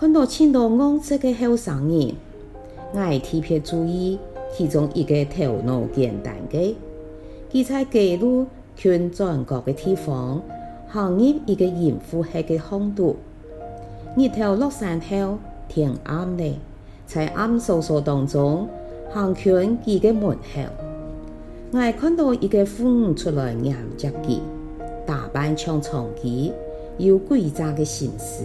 看到請到五七個後生人，我特別注意，其中一個頭腦簡單個，佮在街路全轉角的地方，行入一個陰戶黑嘅巷道。日頭落山後天暗咧，在暗索索當中，行勸佢嘅門口，我看到一個婦女出來迎接佢，打扮像娼妓，有詭詐的心思。